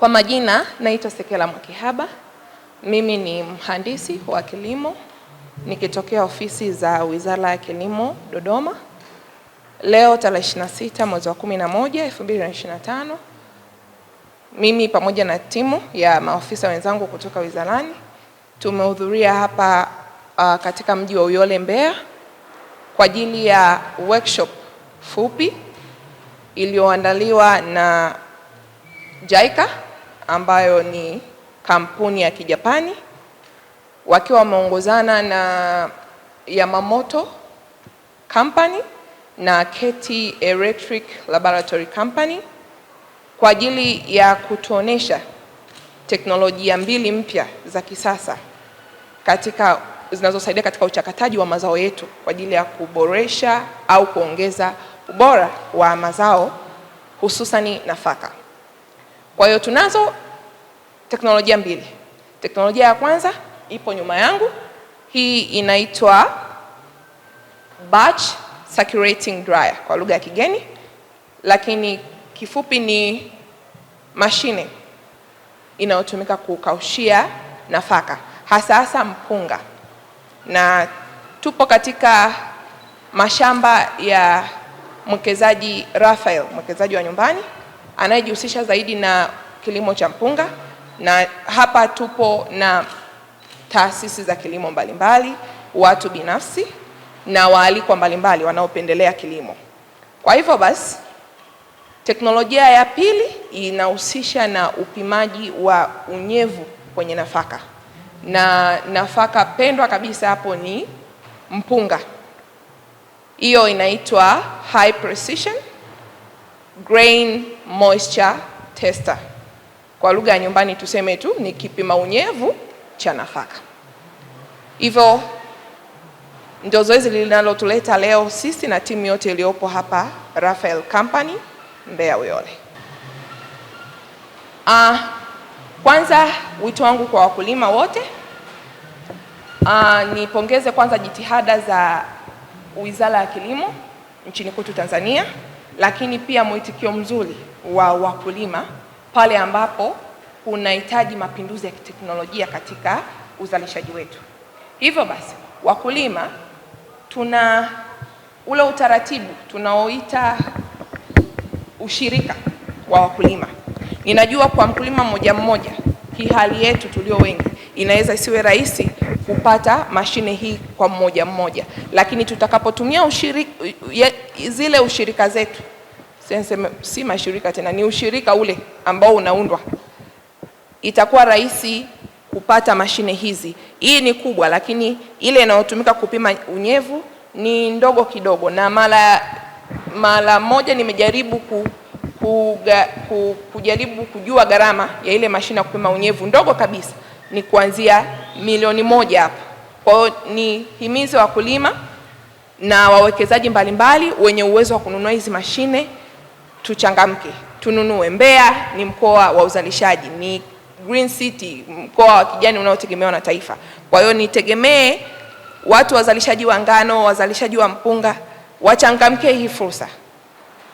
Kwa majina naitwa Sekela Mwakihaba. Mimi ni mhandisi wa kilimo nikitokea ofisi za Wizara ya Kilimo Dodoma. Leo tarehe 26 mwezi wa 11 2025, mimi pamoja na timu ya maofisa wenzangu kutoka wizarani tumehudhuria hapa uh, katika mji wa Uyole Mbeya kwa ajili ya workshop fupi iliyoandaliwa na JICA ambayo ni kampuni ya Kijapani wakiwa wameongozana na Yamamoto Company na Keti Electric Laboratory Company kwa ajili ya kutuonesha teknolojia mbili mpya za kisasa katika zinazosaidia katika uchakataji wa mazao yetu kwa ajili ya kuboresha au kuongeza ubora wa mazao hususani nafaka. Kwa hiyo tunazo teknolojia mbili. Teknolojia ya kwanza ipo nyuma yangu, hii inaitwa batch circulating dryer kwa lugha ya kigeni, lakini kifupi ni mashine inayotumika kukaushia nafaka hasa hasa mpunga, na tupo katika mashamba ya mwekezaji Rafael, mwekezaji wa nyumbani anayejihusisha zaidi na kilimo cha mpunga, na hapa tupo na taasisi za kilimo mbalimbali mbali, watu binafsi na waalikwa mbalimbali wanaopendelea kilimo. Kwa hivyo basi, teknolojia ya pili inahusisha na upimaji wa unyevu kwenye nafaka na nafaka pendwa kabisa hapo ni mpunga. Hiyo inaitwa high precision grain moisture tester, kwa lugha ya nyumbani tuseme tu ni kipima unyevu cha nafaka. Hivyo ndio zoezi linalotuleta leo sisi na timu yote iliyopo hapa Rafael Company Mbeya Uyole. Ah, kwanza wito wangu kwa wakulima wote ah, nipongeze kwanza jitihada za Wizara ya Kilimo nchini kwetu Tanzania lakini pia mwitikio mzuri wa wakulima pale ambapo kunahitaji mapinduzi ya kiteknolojia katika uzalishaji wetu. Hivyo basi, wakulima tuna ule utaratibu tunaoita ushirika wa wakulima. Ninajua kwa mkulima mmoja mmoja, hii hali yetu tulio wengi inaweza isiwe rahisi kupata mashine hii kwa mmoja mmoja, lakini tutakapotumia ushirika, zile ushirika zetu si mashirika tena, ni ushirika ule ambao unaundwa, itakuwa rahisi kupata mashine hizi. Hii ni kubwa, lakini ile inayotumika kupima unyevu ni ndogo kidogo, na mara mara moja nimejaribu ku, ku, ku, kujaribu kujua gharama ya ile mashine ya kupima unyevu ndogo kabisa ni kuanzia milioni moja hapa. Kwa hiyo ni himize wakulima na wawekezaji mbalimbali wenye uwezo wa kununua hizi mashine, tuchangamke, tununue. Mbeya ni mkoa wa uzalishaji, ni green city, mkoa wa kijani unaotegemewa na taifa. Kwa hiyo nitegemee watu wazalishaji wa ngano, wazalishaji wa mpunga wachangamke. Hii fursa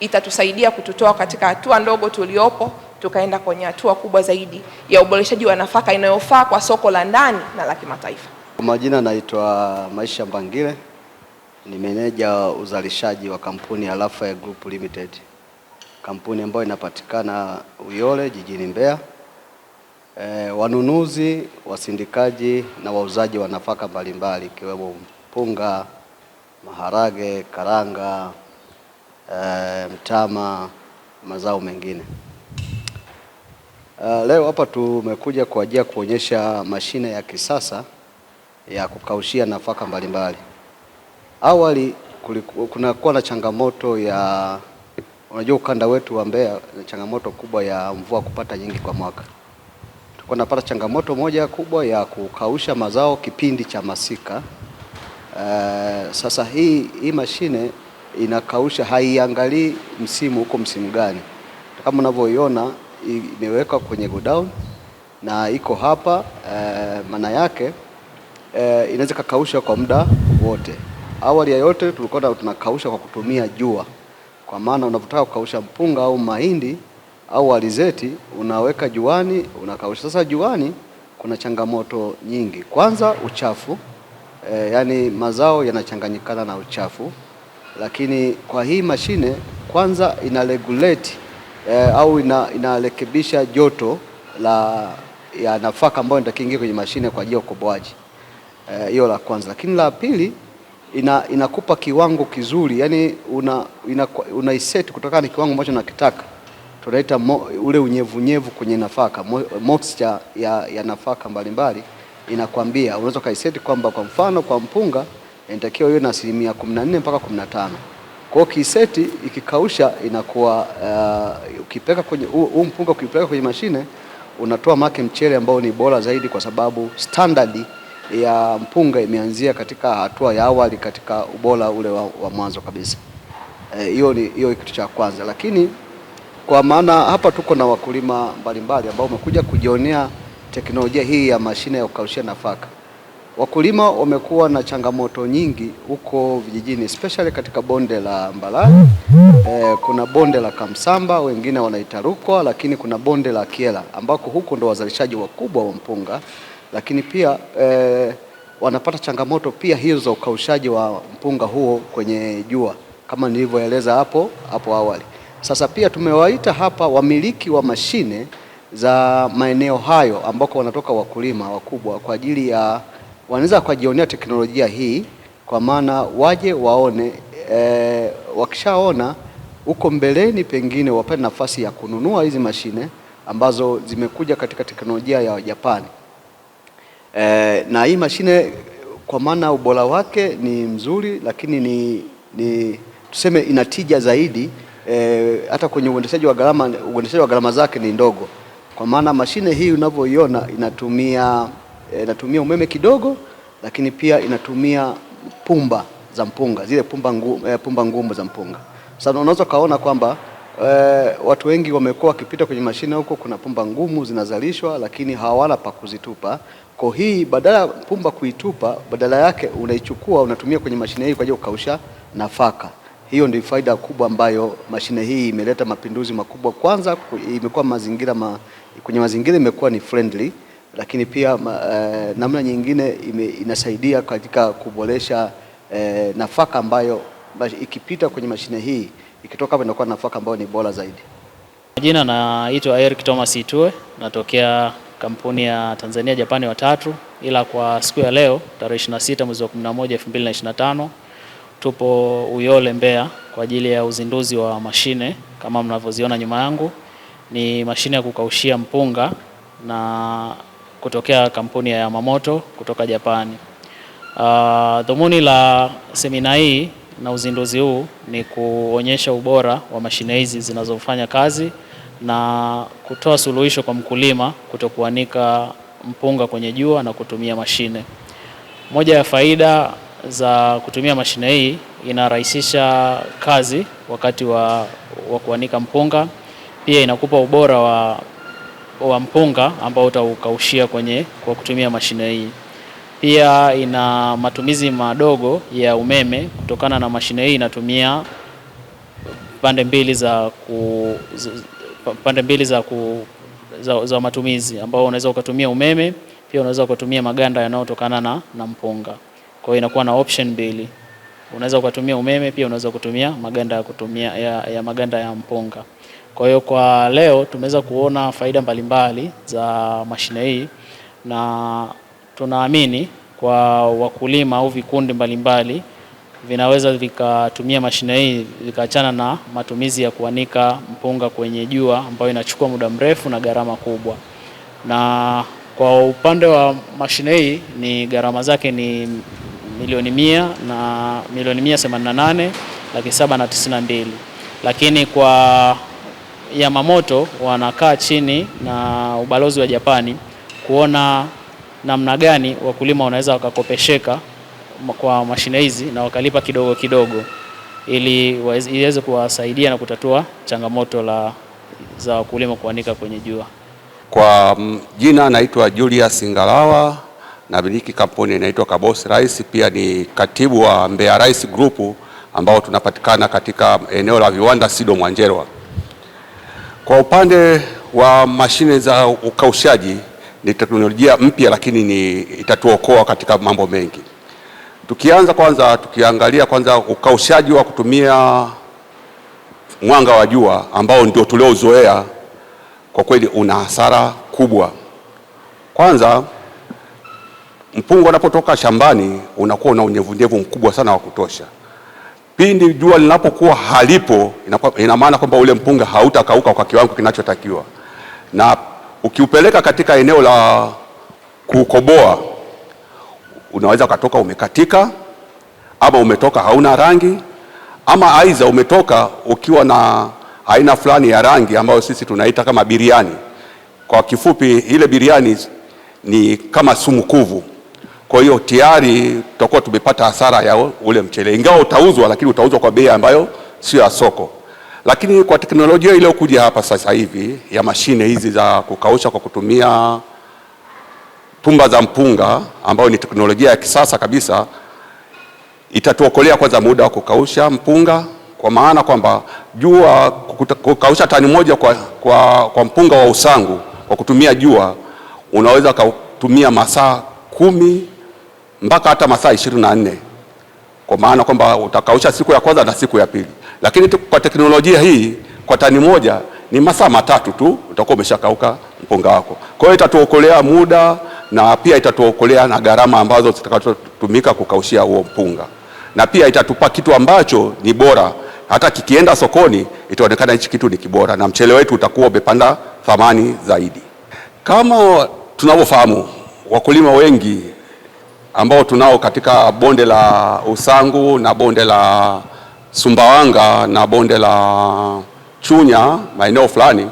itatusaidia kututoa katika hatua ndogo tuliopo tukaenda kwenye hatua kubwa zaidi ya uboreshaji wa nafaka inayofaa kwa soko la ndani na la kimataifa. Kwa majina naitwa Maisha Mbangile, ni meneja uzalishaji wa kampuni ya Lafaya Group Limited, kampuni ambayo inapatikana Uyole jijini Mbeya. E, wanunuzi, wasindikaji na wauzaji wa nafaka mbalimbali ikiwemo mpunga, maharage, karanga, e, mtama, mazao mengine. Uh, leo hapa tumekuja kwa ajili ya kuonyesha mashine ya kisasa ya kukaushia nafaka mbalimbali. Awali kunakuwa na changamoto ya, unajua ukanda wetu wa Mbeya na changamoto kubwa ya mvua kupata nyingi kwa mwaka. Tulikuwa napata changamoto moja kubwa ya kukausha mazao kipindi cha masika. Uh, sasa hii, hii mashine inakausha, haiangalii msimu huko msimu gani, kama unavyoiona imewekwa kwenye godown na iko hapa eh, maana yake eh, inaweza kakausha kwa muda wote. Awali ya yote tulikuwa tunakausha kwa kutumia jua, kwa maana unapotaka kukausha mpunga au mahindi au alizeti unaweka juani unakausha. Sasa juani kuna changamoto nyingi. Kwanza uchafu e, yani mazao yanachanganyikana na uchafu, lakini kwa hii mashine kwanza ina regulate eh, au ina, inarekebisha joto la ya nafaka ambayo inatakiwa kwenye mashine kwa ajili ya ukoboaji. Eh, hiyo eh, la kwanza, lakini la pili ina, inakupa kiwango kizuri yani una, ina, una iset kutokana na kiwango ambacho nakitaka tunaita ule unyevunyevu kwenye nafaka moisture ya, ya nafaka mbalimbali inakwambia unaweza ukaiseti kwamba kwa mfano kwa mpunga inatakiwa iwe na asilimia 14 mpaka tano kwa hiyo kiseti ikikausha inakuwa uh, ukipeka kwenye huu mpunga ukipeleka kwenye mashine unatoa make mchele ambao ni bora zaidi, kwa sababu standard ya mpunga imeanzia katika hatua ya awali katika ubora ule wa, wa mwanzo kabisa. Eh, hiyo e, ni hiyo kitu cha kwanza, lakini kwa maana hapa tuko na wakulima mbalimbali ambao wamekuja kujionea teknolojia hii ya mashine ya kukaushia nafaka. Wakulima wamekuwa na changamoto nyingi huko vijijini especially katika bonde la Mbalali. E, kuna bonde la Kamsamba wengine wanaita Rukwa, lakini kuna bonde la Kiela ambako huko ndo wazalishaji wakubwa wa mpunga, lakini pia e, wanapata changamoto pia hizo za ukaushaji wa mpunga huo kwenye jua kama nilivyoeleza hapo hapo awali. Sasa pia tumewaita hapa wamiliki wa mashine za maeneo hayo ambako wanatoka wakulima wakubwa kwa ajili ya wanaweza wakajionea teknolojia hii, kwa maana waje waone e, wakishaona huko mbeleni pengine wapate nafasi ya kununua hizi mashine ambazo zimekuja katika teknolojia ya Japani. E, na hii mashine kwa maana ubora wake ni mzuri, lakini ni, ni tuseme ina tija zaidi e, hata kwenye uendeshaji wa gharama, uendeshaji wa gharama zake ni ndogo, kwa maana mashine hii unavyoiona inatumia Eh, inatumia umeme kidogo, lakini pia inatumia pumba za mpunga zile pumba ngumu, eh, pumba ngumu za mpunga. Sasa unaweza ukaona kwamba eh, watu wengi wamekuwa wakipita kwenye mashine huko, kuna pumba ngumu zinazalishwa, lakini hawana pa kuzitupa. Kwa hii badala ya pumba kuitupa, badala yake unaichukua unatumia kwenye mashine hii kwa ajili kukausha nafaka. Hiyo ndio faida kubwa ambayo mashine hii imeleta mapinduzi makubwa. Kwanza imekuwa mazingira ma, kwenye mazingira imekuwa ni friendly lakini pia eh, namna nyingine ime, inasaidia katika kuboresha eh, nafaka ambayo ikipita kwenye mashine hii ikitoka hapo inakuwa nafaka ambayo ni bora zaidi. majina naitwa Eric Thomas Itue, natokea kampuni ya Tanzania Japani watatu, ila kwa siku ya leo tarehe 26 mwezi wa 11 2025 tupo Uyole Mbeya kwa ajili ya uzinduzi wa mashine kama mnavyoziona nyuma yangu. Ni mashine ya kukaushia mpunga na kutokea kampuni ya Yamamoto kutoka Japani. Uh, ah, dhumuni la semina hii na uzinduzi huu ni kuonyesha ubora wa mashine hizi zinazofanya kazi na kutoa suluhisho kwa mkulima kutokuanika mpunga kwenye jua na kutumia mashine. Moja ya faida za kutumia mashine hii inarahisisha kazi wakati wa, wa kuanika mpunga. Pia inakupa ubora wa wa mpunga ambao utaukaushia kwenye kwa kutumia mashine hii. Pia ina matumizi madogo ya umeme kutokana na mashine hii inatumia pande mbili za ku, pande mbili za, ku, za, za matumizi ambao unaweza ukatumia umeme pia unaweza ukatumia maganda yanayotokana na, na mpunga. Kwa hiyo inakuwa na option mbili, unaweza ukatumia umeme pia unaweza kutumia maganda ya, kutumia, ya, ya maganda ya mpunga. Kwa hiyo kwa leo tumeweza kuona faida mbalimbali za mashine hii na tunaamini kwa wakulima au vikundi mbalimbali vinaweza vikatumia mashine hii vikaachana na matumizi ya kuanika mpunga kwenye jua ambayo inachukua muda mrefu na gharama kubwa. Na kwa upande wa mashine hii ni gharama zake ni milioni mia na milioni mia themanini na nane laki saba na tisini na mbili, lakini kwa Yamamoto wanakaa chini na ubalozi wa Japani kuona namna gani wakulima wanaweza wakakopesheka kwa mashine hizi na wakalipa kidogo kidogo ili iweze kuwasaidia na kutatua changamoto la, za wakulima kuanika kwenye jua. Kwa mm, jina naitwa Julius Ngalawa, namiliki kampuni inaitwa Kabos Rice, pia ni katibu wa Mbeya Rice Group ambao tunapatikana katika eneo la viwanda Sido Mwanjerwa. Kwa upande wa mashine za ukaushaji ni teknolojia mpya, lakini ni itatuokoa katika mambo mengi. Tukianza kwanza, tukiangalia kwanza ukaushaji wa kutumia mwanga wa jua ambao ndio tuliozoea, kwa kweli una hasara kubwa. Kwanza, mpunga unapotoka shambani unakuwa una unyevunyevu mkubwa sana wa kutosha. Pindi jua linapokuwa halipo, ina maana kwamba ule mpunga hautakauka kwa kiwango kinachotakiwa, na ukiupeleka katika eneo la kukoboa unaweza ukatoka umekatika, ama umetoka hauna rangi, ama aidha umetoka ukiwa na aina fulani ya rangi ambayo sisi tunaita kama biriani. Kwa kifupi, ile biriani ni kama sumu kuvu. Kwa hiyo tayari tutakuwa tumepata hasara ya ule mchele, ingawa utauzwa, lakini utauzwa kwa bei ambayo sio ya soko. Lakini kwa teknolojia iliyokuja hapa sasa hivi ya mashine hizi za kukausha kwa kutumia pumba za mpunga, ambayo ni teknolojia ya kisasa kabisa, itatuokolea kwanza muda wa kukausha mpunga, kwa maana kwamba jua kukausha tani moja kwa, kwa, kwa mpunga wa Usangu kwa kutumia jua unaweza ukatumia masaa kumi mpaka hata masaa ishirini na nne kwa maana kwamba utakausha siku ya kwanza na siku ya pili, lakini kwa teknolojia hii kwa tani moja ni masaa matatu tu utakuwa umeshakauka mpunga wako. Kwa hiyo itatuokolea muda na pia itatuokolea na gharama ambazo zitakazotumika kukaushia huo mpunga, na pia itatupa kitu ambacho ni bora, hata kikienda sokoni itaonekana hichi kitu ni kibora, na mchele wetu utakuwa umepanda thamani zaidi. Kama tunavyofahamu, wakulima wengi ambao tunao katika bonde la Usangu na bonde la Sumbawanga na bonde la Chunya maeneo fulani,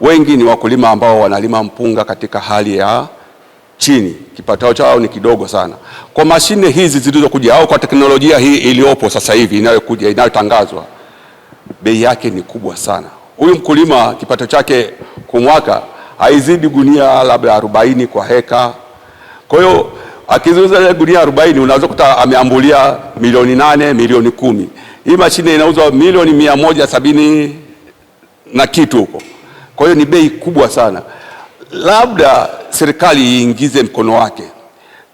wengi ni wakulima ambao wanalima mpunga katika hali ya chini, kipato chao ni kidogo sana. Kwa mashine hizi zilizokuja au kwa teknolojia hii iliyopo sasa hivi inayokuja, inayotangazwa, bei yake ni kubwa sana. Huyu mkulima kipato chake kwa mwaka haizidi gunia labda 40 kwa heka, kwa hiyo akiziuza ile gunia 40 unaweza kuta ameambulia milioni nane milioni kumi. Hii mashine inauzwa milioni mia moja sabini na kitu huko, kwa hiyo ni bei kubwa sana. Labda serikali iingize mkono wake,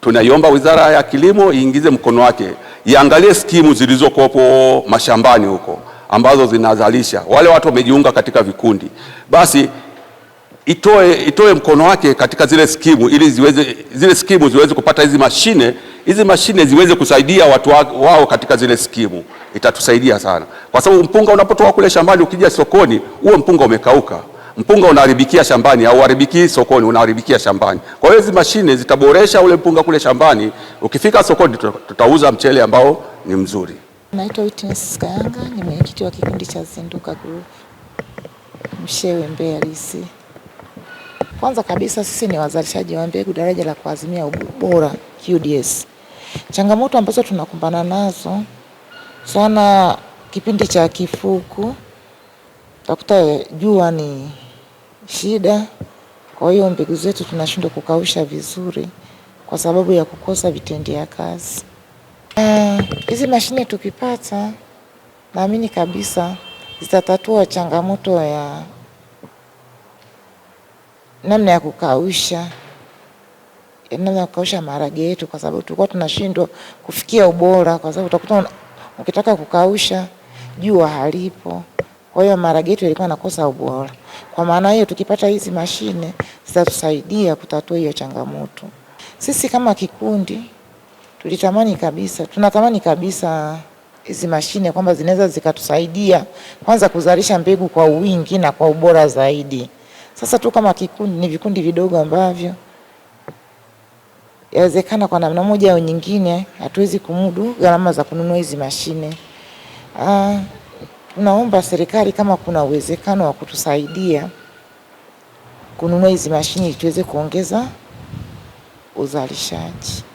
tunaiomba wizara ya kilimo iingize mkono wake, iangalie skimu zilizokopo mashambani huko ambazo zinazalisha, wale watu wamejiunga katika vikundi basi itoe, itoe mkono wake katika zile skimu ili ziweze, zile skimu ziweze kupata hizi mashine hizi mashine ziweze kusaidia watu wao katika zile skimu. Itatusaidia sana kwa sababu mpunga unapotoka kule shambani ukija sokoni, huo mpunga umekauka. Mpunga unaharibikia shambani, hauharibiki sokoni, unaharibikia shambani. Kwa hiyo hizi mashine zitaboresha ule mpunga kule shambani, ukifika sokoni tutauza mchele ambao ni mzuri. Naitwa Witness Kayanga, ni mwenyekiti wa kikundi cha Zinduka Group Mshewe Mbeya DC. Kwanza kabisa sisi ni wazalishaji wa mbegu daraja la kuazimia ubora QDS. Changamoto ambazo tunakumbana nazo sana kipindi cha kifuku, utakuta jua ni shida, kwa hiyo mbegu zetu tunashindwa kukausha vizuri kwa sababu ya kukosa vitendea kazi. Hizi mashine tukipata, naamini kabisa zitatatua changamoto ya namna ya kukausha namna ya kukausha maharage yetu, kwa sababu tulikuwa tunashindwa kufikia ubora, kwa sababu utakuta ukitaka kukausha jua halipo. Kwa hiyo maharage yetu yalikuwa nakosa ubora. Kwa maana hiyo, tukipata hizi mashine zitatusaidia kutatua hiyo changamoto. Sisi kama kikundi tulitamani kabisa, tunatamani kabisa hizi mashine kwamba zinaweza zikatusaidia kwanza kuzalisha mbegu kwa wingi na kwa ubora zaidi. Sasa tu kama kikundi ni vikundi vidogo ambavyo yawezekana kwa namna moja au nyingine hatuwezi kumudu gharama za kununua hizi mashine. Ah, tunaomba serikali kama kuna uwezekano wa kutusaidia kununua hizi mashine ili tuweze kuongeza uzalishaji.